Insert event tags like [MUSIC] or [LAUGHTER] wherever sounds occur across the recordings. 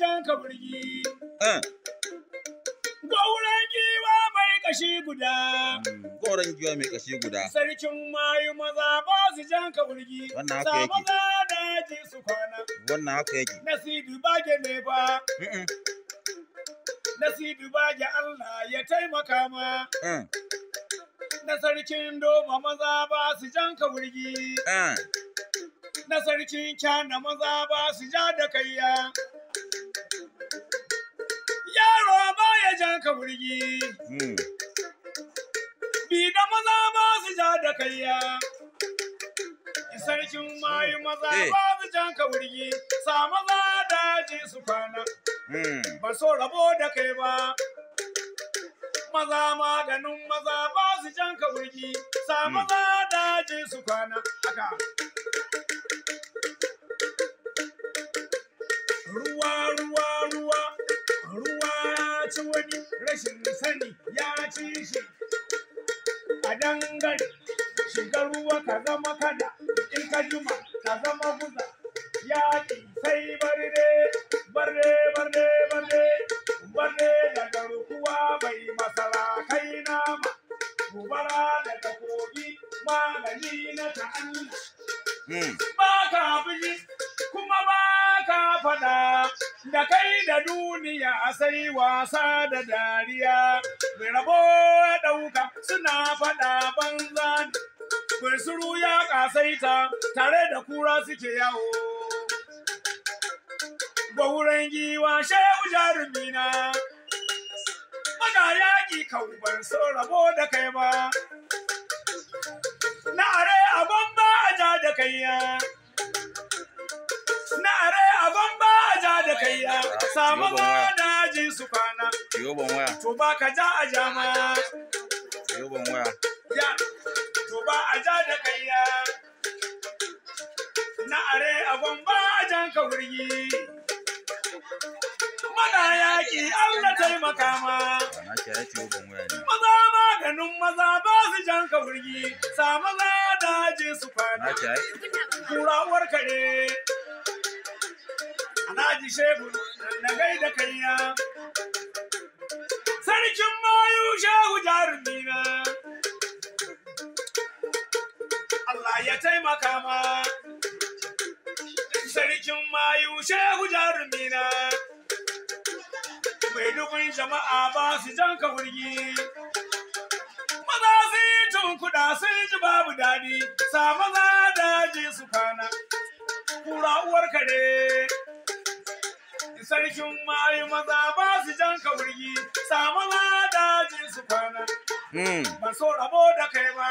jan eh. giwa mai kashi guda. Mm, giwa mai kashi guda. Sarkin mayu maza ba su jan Wannan haka yake. Sama su kwana. Wannan haka yake. ba. Allah ya taimaka ma. Eh. Na sarkin doma maza ba su jan ka eh. Na sarkin kyana maza ba su ja da kayya. ka burgi hmm. bi da maza ba su ja da kayya sarkin mayu hmm. maza eh. ba su jan ka burgi sa maza daji su kwana hmm. ba so rabo da kai ba maza maganin maza ba su jan ka burgi sa maza daji su kwana haka wani rashin sani ya ci shi a dangare shiga ruwa ka zama kada in ka juma ka zama guza yaƙi sai barde barde barde barde barde daga rukuwa bai masara kai nama gobara daga kogi magani na ta'anna hmm. ba ka fushi kuma ba ka faɗa da kai da duniya a sai wasa da dariya mai rabo ɗauka suna faɗa banza suru ya ƙasaita tare da kura suke yawo gwauren giwa shehu na. maga yaƙi kan ban so rabo da kai ba na are a ba a ja da kai ya samu daji su kwana to ba ka ja a jama ya to ba a ja da kaiya, na are a gwamba a jan ka wurgi mana yaƙi Allah taimaka ma maza maganin maza ba su jan ka wurgi samu daji su kwana kurawar kare na ji shehu na gaida kaina sarkin mayu shehu na? Allah ya taimaka ma sarkin mayu shehu jarumina mai dubin jama'a ba su janka wurgi maza su yi sun ji babu daɗi sa maza daji su kwana kura uwar kare sarkin mayu maza ba su jan ka wurgi samu ladajin su kwana hmm. ban so rabo da kai ba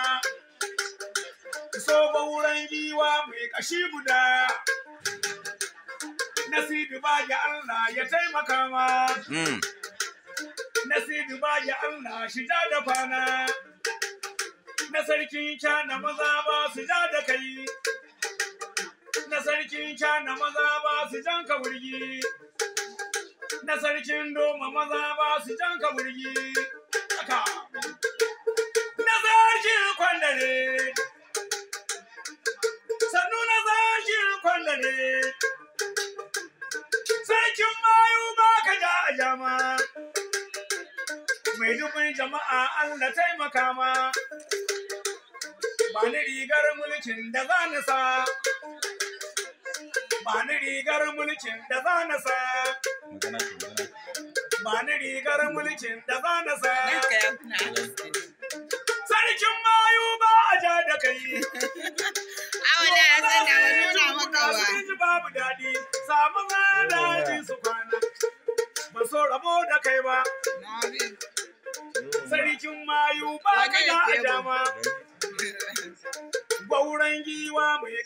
so ba wurin giwa mai kashi guda nasibi ba ya Allah ya taimaka ma hmm. nasibi ba ya Allah shi ja da kwana na sarkin kyana maza ba su ja da kai na sarkin kyana maza ba su jan ka wurgi na sarkin doma maza ba su jan ka burgi na sarkin kwandare sannu na sarkin kwandare sarkin mayu ba ka ja a jama mai dubin jama'a allah taimaka ma ba ni rigar mulkin da za ni sa ba rigar mulkin da za na sa rigar mulkin da za na sa sarkin mayu ba a ja da kai [LAUGHS] na babu daɗi samu tsada su kwana ba so rabo da kai ba sarkin mayu ba ka da a dama giwa mai